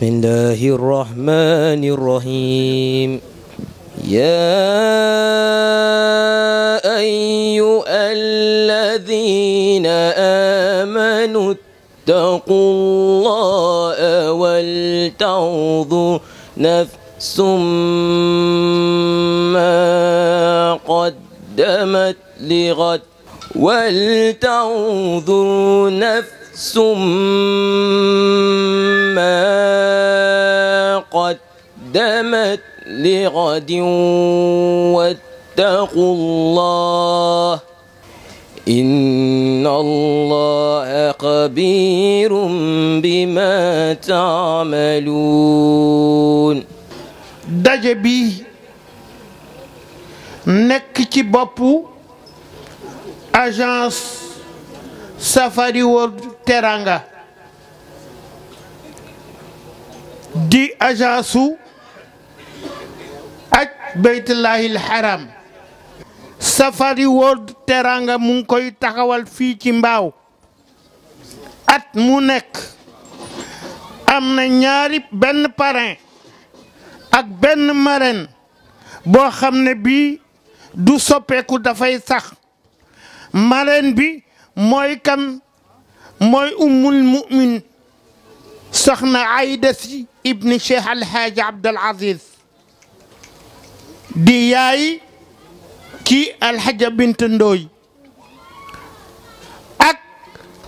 بسم الله الرحمن الرحيم يا أيها الذين آمنوا اتقوا الله ولتنظر نفس ما قدمت لغد ولتنظر نفس ثم قدمت لغد واتقوا الله إن الله خبير بما تعملون دجبي bi nekk ci ورد teraanga di agence su aj beytullahil haram safari world teraanga mu koy taxawal fii ci mbaaw at mu nekk am na ñaari benn parrain ak benn marraine boo xam ne bii du soppeeku dafay sax marraine bi mooy kan moy ummul mumin soxna Ayda si ibni Cheikh Alhaaji Abdul Aziz di yaay al Alhaja Bint Ndoy ak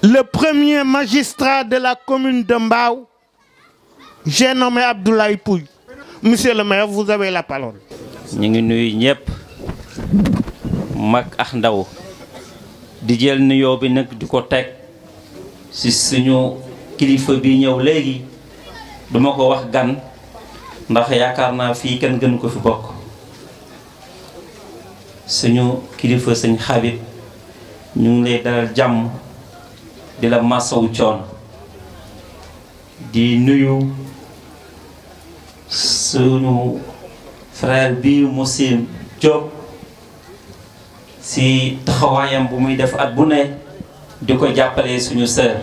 le premier magistrat de la commune de mbaw j'ai nommé Abdoulaye Pouy monsieur le maire vous avez la parole ñi ngi nuy ñep mak ak ndaw di jël nuyoo bi nak di ko si suñu kilifa bi ñëw léegi duma ko wax gan ndax yaakaar naa fii kenn gënu ko fi bokk suñu kilifa sëñ Habib ñu ngi lay dalal jàmm di la masawu coon di nuyu suñu frère bi Moussine Diop si taxawaayam bu muy def at bu ne di ko jàppale suñu sœur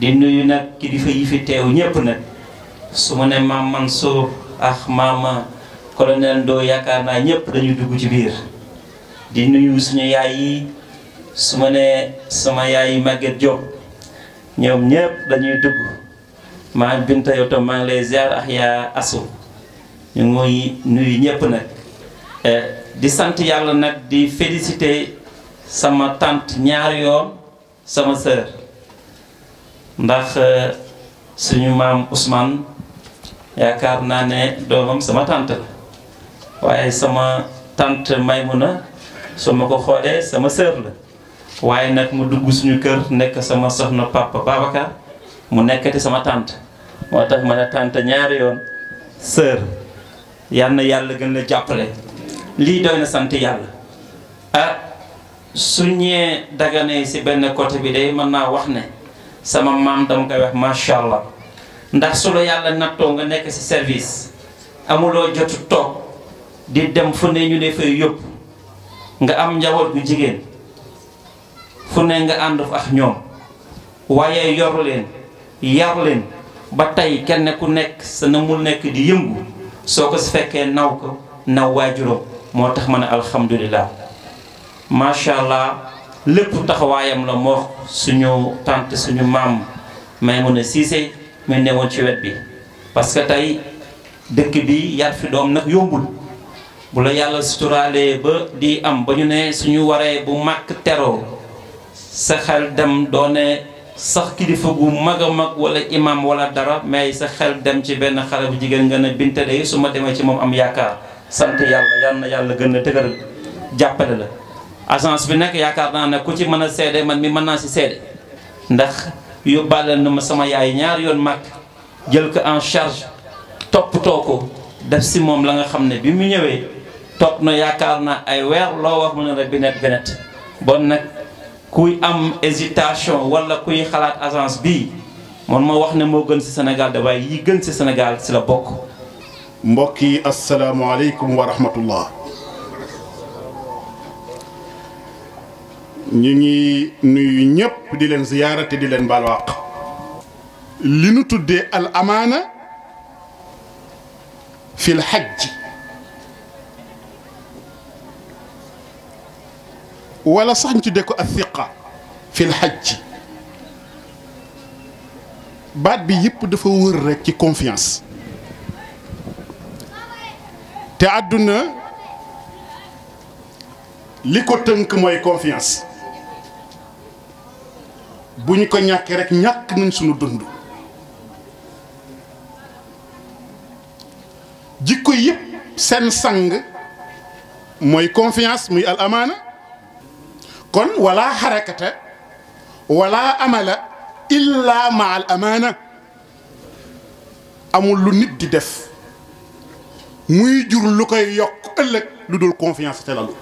di nuyu nag kilifa yi fi teew ñépp nag su ma ne maam Mansour ak maama colonel Ndo yaakaar naa ñépp dañu dugg ci biir di nuyu suñu yaay yi su ma ne sama yaay yi Maguette Diop ñoom ñépp dañuy dugg maa binta yow tam maa ngi yaa asu ñu mooy nuyu ñépp nag eh, di sant yàlla nag di féliciter sama tànt ñaar yoon sama sœur ndax euh, suñu maam Ousmane yaakaar naa ne doomam sama tante la waaye sama tante Maymuna su ma ko xoolee sama sœur la waaye nag mu dugg suñu kër nekk sama soxna papa Babacar mu nekkati sama tànt moo tax ma ne tante ñaari yoon sœur yal na yàlla gën la jàppale lii doy na sant yàlla ah, suñee daganee si benn côté bi day mën naa wax ne sama maam dama koy wax macha allah ndax su la yàlla nattoo nga nekk si service amuloo jotu toog di dem fu ne ñu ne fay yóbbu nga am njaboot bu jigéen fu ne nga ànd ak ñoom waaye yor leen yar leen ba tey kenn ku nekk sa na mu nekk di yëngu soo ko si fekkee naw ko naw waajuróom moo tax ma ne alhamdulilah macha allah lépp taxawaayam la moo suñu tànt suñu maam Maymuna Siise mel newoon ci wet bi parce que tey dëkk bi yar fi doom nag yombul bu la yàlla suturaalee ba di am ba ñu ne suñu waree bu màkk teroo sa xel dem doone sax kilifa gu mag a mag wala imam wala dara mais sa xel dem ci benn xale bu jigéen nga ne binte day su ma demee ci moom am yaakaar sant yàlla yal na yàlla gën a tëgëral jàppale la agence bi nag yaakaar naa ne ku ci mën a seede man mi mën naa si seede ndax yóbbaale na ma sama yaay ñaar yoon màkk jël ko en charge toppatoo ko def si moom la nga xam ne bi mu ñëwee topp na yaakaar naa ay weer loo wax mu ne la binet binet bon nag kuy am hésitation wala kuy xalaat agence bii man ma wax ne moo gën si Sénégal de waaye yi gën si Sénégal si la bokk mbokk yi asalaamaaleykum wa rahmatullah ñu ngi nuyu ñëpp di leen ziyaara te di leen balwaaq li nu tuddee al amaana fi l xajj wala sax ñu tuddee ko athiqa fi l xajj baat bi yëpp dafa wër rek ci confiance te àdduna li ko tënk mooy confiance bu ñu ko ñàkkee rek ñàkk nañ sunu dund jikko yëpp seen sang mooy confiance muy al amaana kon wala xarakata wala amala illa ma al amaana amul lu nit di def muy jur lu koy yokk ëllëg lu dul confiance te lalu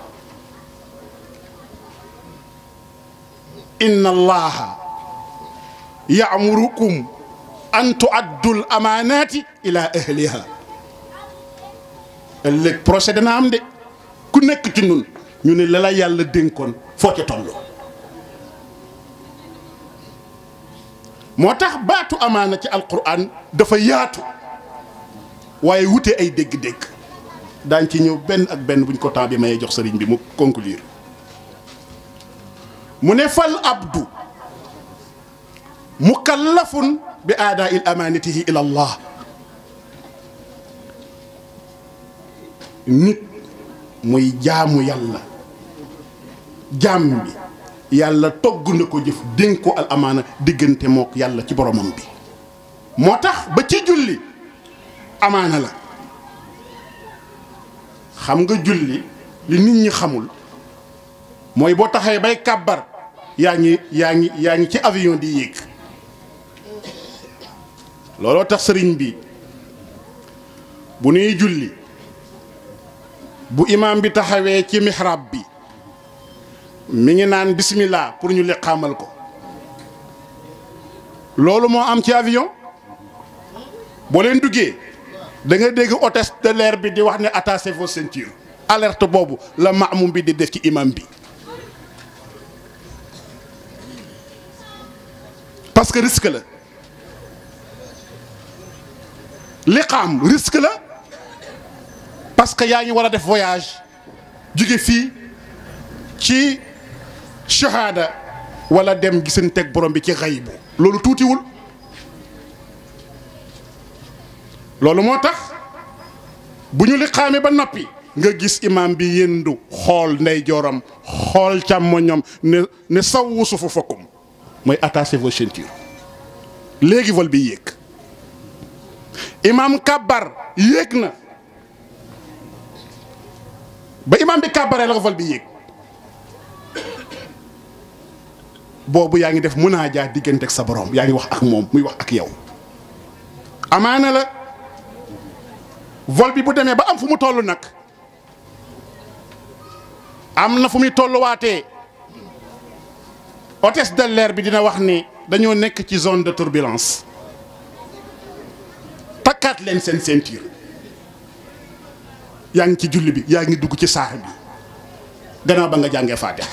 إن الله يأمركم أن تؤدوا الأمانات إلى أهلها ëllëg procès dana am de ku nekk ci ñun ñu ne la la yàlla dénkoon foo ca toll moo tax baatu amaana ci alquran dafa yaatu waaye wute ay dégg-dégg daañ ci ñëw benn ak benn buñ ko temps bi mayee jox sëriñ bi mu conclure mu ne fal abdu mukallafun bi aadaa il amaanatihi ila allah nit muy jaamu yàlla jaam bi yàlla togg na ko jëf dénk al amaana diggante mook yàlla ci boromam bi moo tax ba ci julli amaana la xam nga julli li nit ñi xamul mooy boo taxee bay kàbbar yaa ngi yaa ngi yaa ngi ci avion di yéeg looloo tax sëriñ bi bu nuy julli bu imaam bi taxawee ci mihrab bi mi ngi naan bismillah pour ñu liqaamal ko loolu moo am ci avion boo leen duggee danga dégg hôtesse de bi di wax ne attachez vos ceintures alerte boobu la maamum bi di def ci imam bi parce que risque la liqaam risque la parce que yaa ngi war a def voyage jóge fii ci shahada walla dem gisanteeg borom bi ci xay xaybu loolu tuutiwul loolu moo tax bu ñu liqaamee ba noppi nga gis imaam bi yëndu xool ndeyjooram xool càmmoñam ne ne sawwu sufu fokkum mooy attachez vos ceintures léegi vol bi yéeg imaam kàbbar yéeg na ba imaam bi kàbbaree la ko vol bi yéeg boobu yaa ngi def munaaja diggante ak sa borom yaa ngi wax ak moom muy wax ak yow amaana la vol bi bu demee ba am fu mu toll nag am na fu muy tolluwaatee hôtesse de l'air bi dina wax ni dañoo nekk ci zone de turbulence takkaat leen seen ceinture yaa ngi ci julli bi yaa ngi dugg ci saar bi gannaaw ba nga jàngee faatiha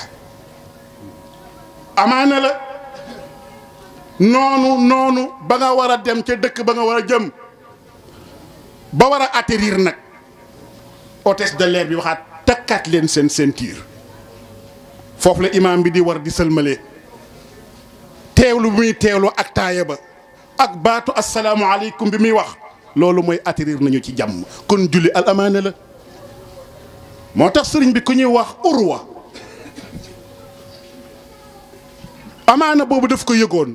na la noonu noonu ba nga war a dem ca dëkk ba nga war a jëm ba war a atterrir nag hôtesse de l'air bi waxaat takkaat leen seen ceinture foofu la imaam bi di war di sëlmalee teewlu bi muy teewlu ak taaya ba ak baatu asalaamualeykum bi muy wax loolu mooy attirir nañu ci jàmm kon julli al amaana la moo tax sëriñ bi ku ñuy wax urwa amaana boobu daf ko yëgoon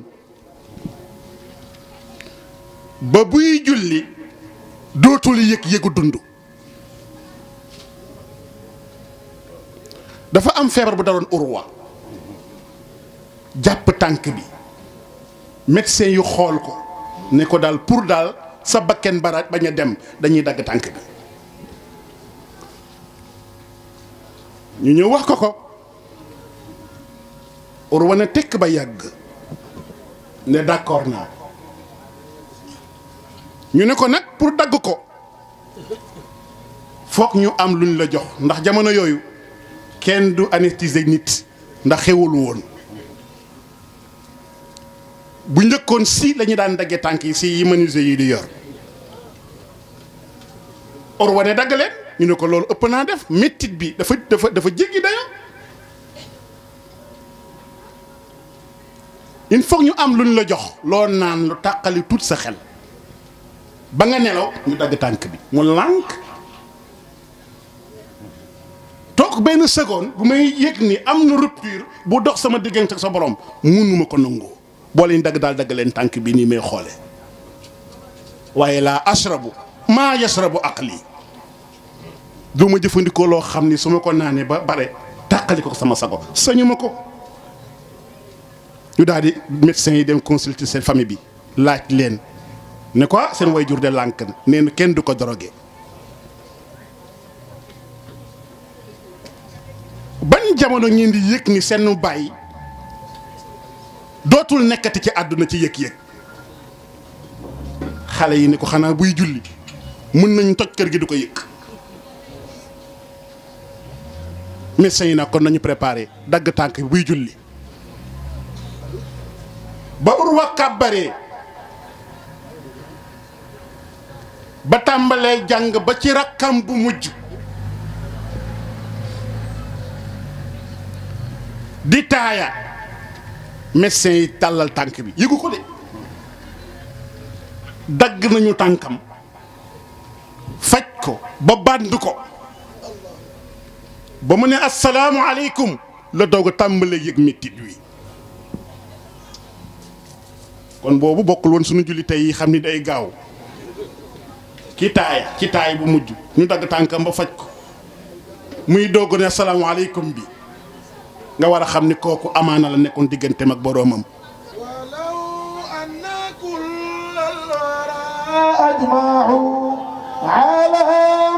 ba buy julli dootul yëg yëgu dund dafa am feebar bu daloon urwa jàpp tànk bi médecin yu xool ko ne ko daal pour daal sa bakken baraaj bañ a dem dañuy dagg tànk bi ñu ñëw wax ko ko urwana tekk ba yàgg ne d'accord naa ñu ne ko nag pour dagg ko foog ñu am luñ la jox ndax jamono yooyu kenn du anesthésier nit ndax xewul woon bu njëkkoon si lañu daan dagge tànk yi si yi menuisier yi di yor or wane dagg ñu ne ko loolu ëpp naa def métit bi dafa dafa dafa jéggi dayo il faut ñu am luñ la jox loo naan lu tàqali tuut sa xel ba nga nelaw ñu dagg tànk bi mu lànk toog benn seconde bu may yëg ni am na rupture bu dox sama diggante sa borom munuma ko nangoo boo leen dagg daal dagg leen tànk bi nii may xoole waaye laa ashrabu maa yashrabu aqli du ma jëfandikoo loo xam ni su ma ko naanee ba bare tàqali ko sama sago sañu ma ko ñu daal di médecins yi dem consulter seen famille bi laaj leen ne ko seen wayjur de lànk na kenn du ko drogué ban jamono ngeen di yëg ni seen bàyyi dootul nekkati ci àdduna ci yëg-yëg xale yi ni ko xanaa buy julli mën nañ toj kër gi du ko yëg médecin yi nag nañu préparé dagg tànk buy julli ba urwa kàbbaree ba tàmbalee jàng ba ci rakkam bu mujj di taaya médecin yi tàllal tànk bi yëgu ko de dagg nañu tànkam faj ko ba bànd ko ba mu ne assalaamu aleykum la doog a tàmbalee yëg mettit wi kon boobu bokkul woon suñu julli tey yi xam ni day gaaw ci taay ci taay bu mujj ñu dagg tànkam ba faj ko muy doog ne assalaamu aleykum bi nga wara xamni koku amana la nekkon digeentem ak boromam أجمعوا على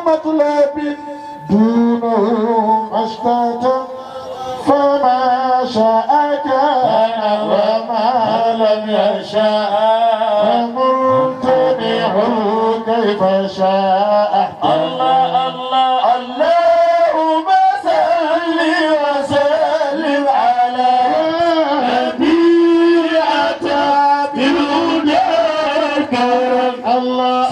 مطلب دونهم أشتاتا فما شاء كان وما لم يشاء فمرتبع كيف شاء الله Allah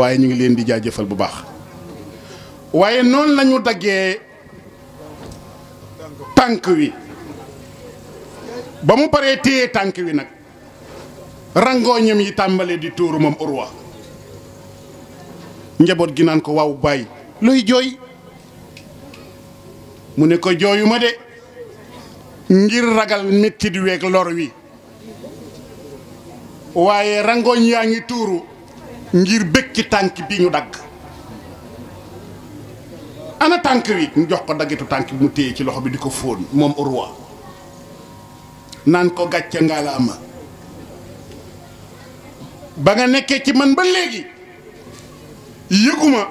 waaye ñu ngi leen di jaajëfal bu baax waaye noonu lañu daggee tànk wi ba mu paree téye tànk wi nag rangooñam yi tàmbalee di tuuru moom urwa njaboot gi naan ko waaw bàyyi luy jooy mu ne ko jooyu ma de ngir ragal mettit weeg lor wi waaye rangooñ yaa ngi tuuru ngir bég ci tànk bi ñu dagg ana tànk bi ñu jox ko daggetu tànk bi mu téye ci loxo bi di ko fóon moom roi naan ko gàcce ngaa la ama ba nga nekkee ci man ba léegi yëguma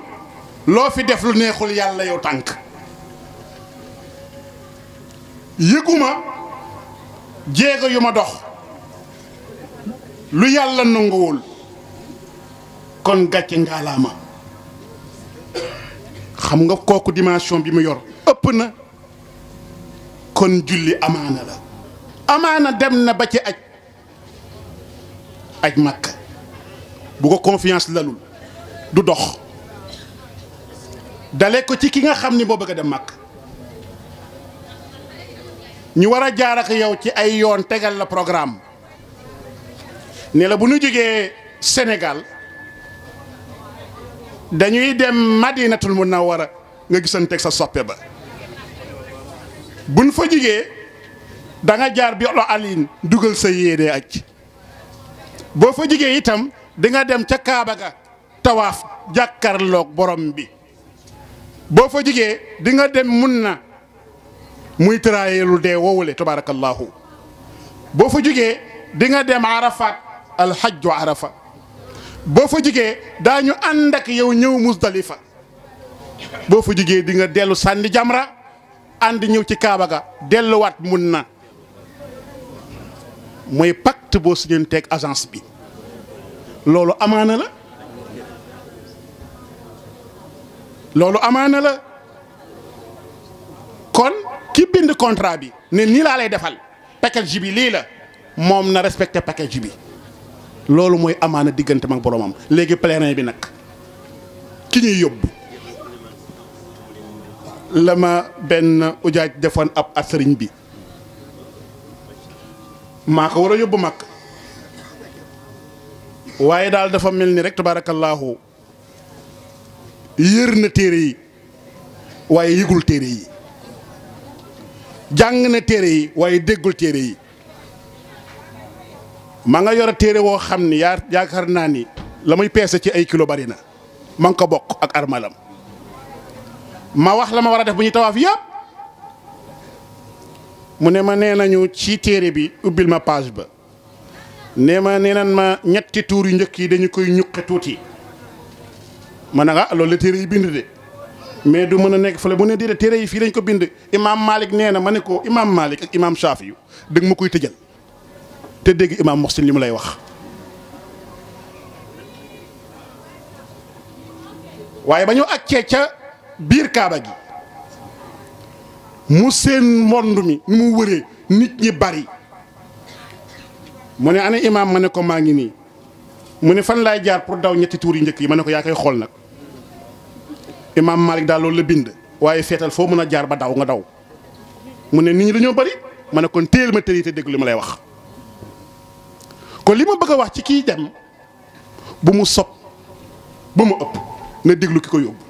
loo fi def lu neexul yàlla yow tànk yëguma jéego yu ma dox lu yàlla nanguwul kon gàcce ngaalaama xam nga kooku dimension bi mu yor ëpp na kon julli amaana la amaana dem na ba ci aj aj màkka bu ko confiance lalul du dox dale ko ci ki nga xam ni boo bëgg a dem màkk ñu war a jaar ak yow ci ay yoon tegal la programme ne la bu nu jógee Sénégal dañuy dem madinatul wara nga gisanteeg sa soppe ba buñ fa jigee danga jaar bi lo alin dugal sa yéene aj boo fa jigee itam dinga dem ca Kaaba ga tawaaf jàkkarlook borom bi boo fa jigee dinga nga dem mun na muy tëraayeelu dee wowule tabaarakallaahu boo fa jugee di nga dem Arafat alxajju Arafa boo fa jigee daañu ànd ak yow ñëw musdalifa boo fa jigee di nga dellu sànni jamra ànd ñëw ci kaaba ga delluwaat mun na mooy pacte boo suñeen agence bi loolu amaana la loolu amaana la kon ki bind contrat bi ne nii laa lay defal package bi lii la moom na respecté package bi loolu mooy amaana diggante mag boroomam léegi pèlerin bi nag ki ñuy yóbbu la ma benn ujaaj defoon ab asëriñ bi maa ko war a yóbbu mag waaye daal dafa mel ni rek tabaarakallaahu yër na téere yi waaye yëgul téere yi jàng na téere yi waaye déggul téere yi ma nga yor a téere woo xam ni yaa yaakaar naa ni la muy peese ci ay kilo bari na ma nga ko bokk ak armalam ma wax la ma war a def bu ñuy tawaaf yëpp mu ne ma nee nañu ci téere bi ubbil ma page ba ne ma nee nan ma ñetti tuur yu njëkk yi dañu koy ñuqe tuuti ma ne ah loolu la téere yi bind de mais du mën a nekk fële mu ne déedéet téere yi fii dañ ko bind imaam Malik nee na ma ne ko imaam Malik ak imaam Shafi yu dëgg ma koy tëjal. te dégg imaam Muhsin li mu lay wax waaye ba ñu àccee ca biir Kaaba gi mu séen mbond mi ni mu wëree nit ñi bari mu ne ana imaam ma ne ko maa ngi nii mu ne fan laay jaar pour daw ñetti tuur yu njëkk yi ma ne ko yaa koy xool nag imaam Malik daal loolu la bind waaye feetal foo mën a jaar ba daw nga daw mu ne nit ñi dañoo bari ma ne kon téel ma téel te dégg li ma lay wax kon li ma bëgg a wax ci kiy dem bu mu sob bu mu ëpp na déglu ki ko yóbbu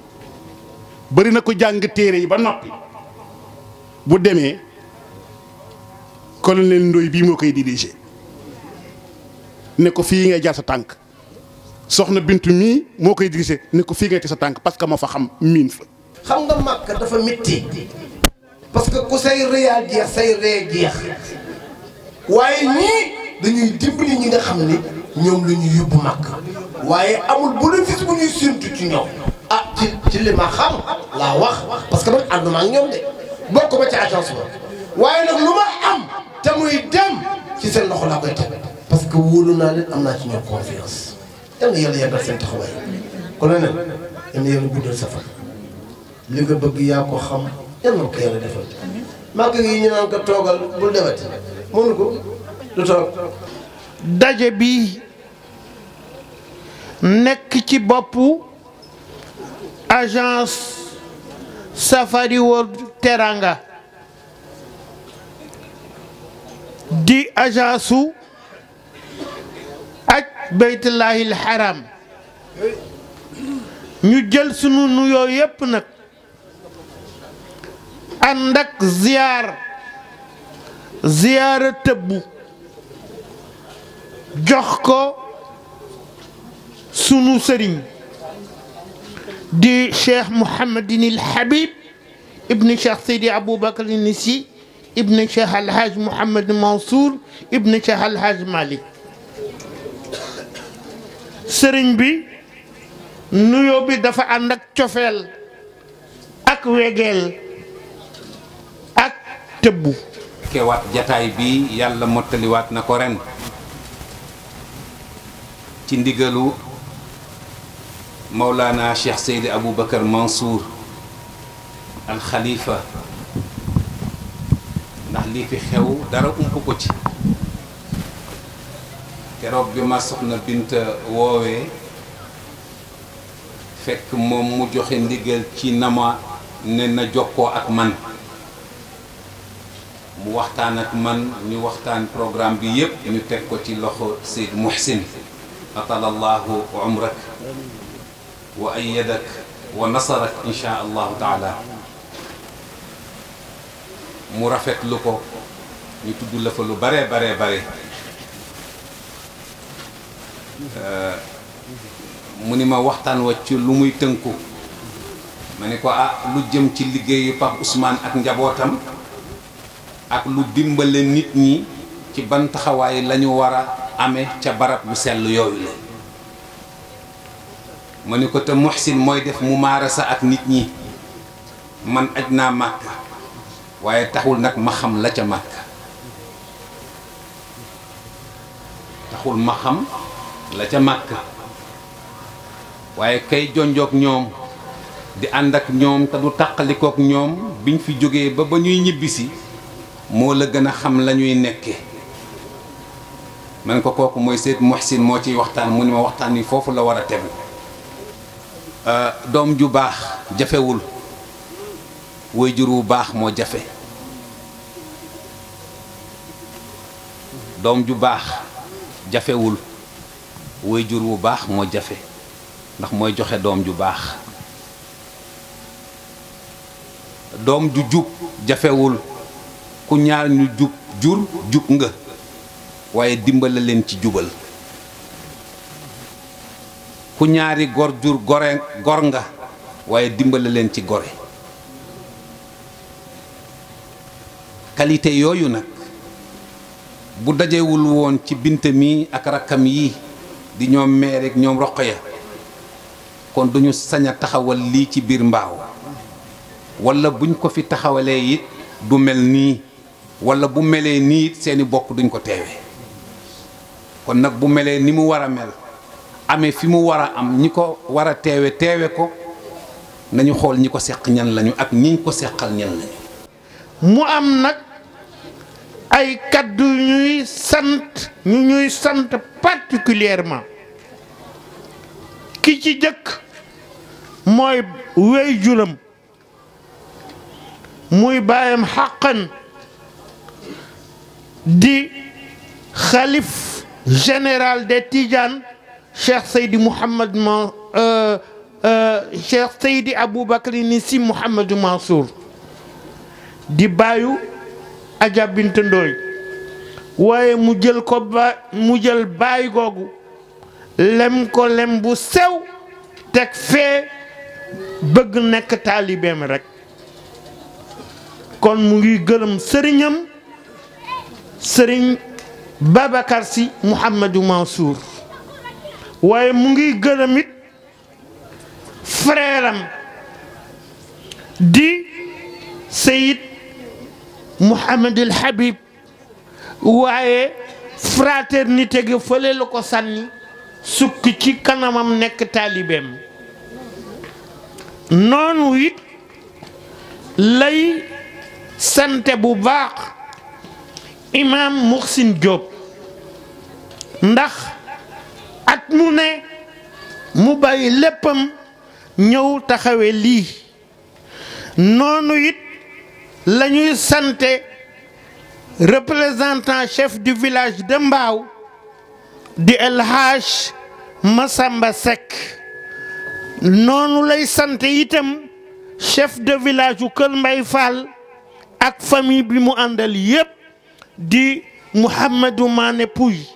bari na ko jàng téere yi ba noppi bu demee kon leen Ndoye bii moo koy dirigé ne ko fii ngay jaar sa tànk soxna Bintu mii moo koy dirigé ne ko fii ngay te sa tànk parce que moo fa xam miin fa. xam nga màkk dafa métti parce que ku say réyaal jeex say ree jeex waaye ñii. dañuy dimbali ñi nga xam ni ñoom la ñu yóbbu màkk waaye amul bénéfice bu ñuy séntu ci ñoom ah ci ci li ma xam laa wax parce que man ànduma ak ñoom de bokk ma ci agence ba waaye nag lu ma am te muy dem ci seen loxo laa koy teg parce que wóolu naa leen am naa ci ñoom confiance yal na yàlla yàggal seen taxawaay kon nag yal na yàlla guddal li nga bëgg yaa ko xam yal na ko yàlla defal màgg yi ñu naan ko toogal bul demati mënu ko daje bi nek ci boppu agence Safari World Teranga di agence ak aj beytullahil haram ñu jël sunu nuyo yépp nak andak ziar ziyaar tëbbu jox ko sunu sëriñ di cheikh Mouhamadin il Habib ibni cheikh Seydi Aboubacar Nissi ibni cheikh haj Mouhamad Mansour ibn cheikh Alhaji Malick sëriñ bi nuyoo bi dafa ànd ak cofeel ak wegeel ak tëbbu. kewaat jataay bi yàlla mottaliwaat na ko ren. ci ndigalu Mawlana Cheikh Seydi Aboubacar Mansour al Khalifa ndax lii fi xew dara ump ko ci keroog bi ma soxna Binta woowee fekk moom mu joxe ndigal ci nama ne na jokkoo ak man mu waxtaan ak man ñu waxtaan programme bi yépp ñu teg ko ci loxo Seyd Muhsin أطل الله عمرك وأيدك ونصرك إن شاء الله تعالى مرافق لكو نتبو لفلو باري باري باري مني ما وقتان وچو لموي تنكو مني كو أه لجم تلقي يباب عثمان أك نجابوتم أك لدمبل نتني تبان تخواي لنو amee ca barab bu sell yooyu la ma ni ko te muhsin mooy def mu maarasa ak nit ñi man aj naa màkk waaye taxul nag ma xam la ca màkk taxul ma la ca màkk waaye kay jonjook ñoom di ànd ak ñoom te du tàqalikook ñoom biñ fi jógee ba ba ñuy ñibbisi moo la gën a xam lañuy ñuy nekke ma ne ko kooku mooy Seyd Muhsin moo ciy waxtaan mu ni ma waxtaan yi foofu la war a tegu euh, doom ju baax jafewul waajur wu baax moo jafe doom ju baax jafewul waajur wu baax moo jafe ndax mooy joxe doom ju baax doom ju jub jafewul ku ñaar ñu jub jur jub nga waaye dimbale leen ci jubal ku ñaari gor jur gore gor nga waaye dimbale leen ci gore qualité yooyu nag bu dajewul woon ci bint mi ak rakkam yi di ñoom meer ak ñoom roq ya kon duñu sañ a taxawal lii ci biir mbaaw wala buñ ko fi taxawalee it du mel nii wala bu melee nii seeni bokk duñ ko teewe kon nag bu melee ni mu war a mel amee fi mu war a am ñi ko war a teewe teewe ko nañu xool ñi ko seq ñan lañu ak ñiñ ko seqal ñan lañu mu am nag ay kàddu ñuy sant ñu ñuy sant particulièrement ki ci jëkk mooy wéy juram muy baayam xàqan di xalif général des Tidjane Cheikh Seydi Mouhamed man euh, euh, Cheikh Seydi Aboubacar ni si Mouhamed Mansour di bàyyu Adja Bint Ndooy waaye mu jël ko ba mu jël baay googu lem ko lem bu sew teg fee bëgg nekk taalibeem rek kon mu ngi gërëm sëriñam sëriñ بابكار سي محمد منصور واي مونغي گرميت فريرام دي سيد محمد الحبيب واي فراتر گ فله لوكو ساني سوكي سي كانامم نيك طالبيم نون ويت لاي سنت بو باخ Imam Mursin Diop ndax at mu ne mu bàyyi leppam ñew it la santé représentant chef du village de Mbaw di El non Massamba Seck lay chef de village ou Fall ak famille bi mu di Mouhamadou Mané Pouy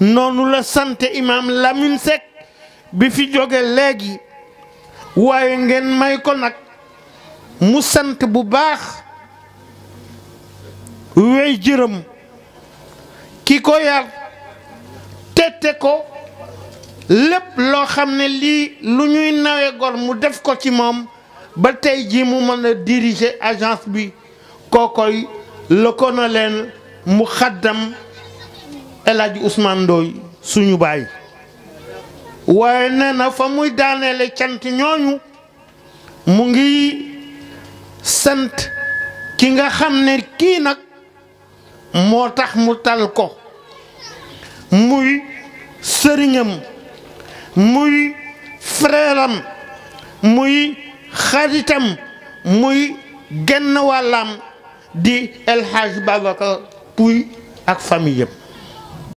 noonu la sant imaam Lamine Seck bi fi jóge léegi waaye ngeen may ko nag mu sant bu baax wey jërëm ki ko yar tette ko lépp loo xam ne lii lu ñuy nawe gor mu def ko ci moom ba tey ji mu mën a diriger agence bi kookoy lëkkoon mu xaddam El Hadj suñu baay waaye nee na fa muy daaneele cant ñooñu mu ngi sant ki nga xam ne kii nag moo tax mu tal ko muy sëriñam muy frèram muy xaritam muy genn wàllam di El Hadj Babacar Pouy ak famille yëpp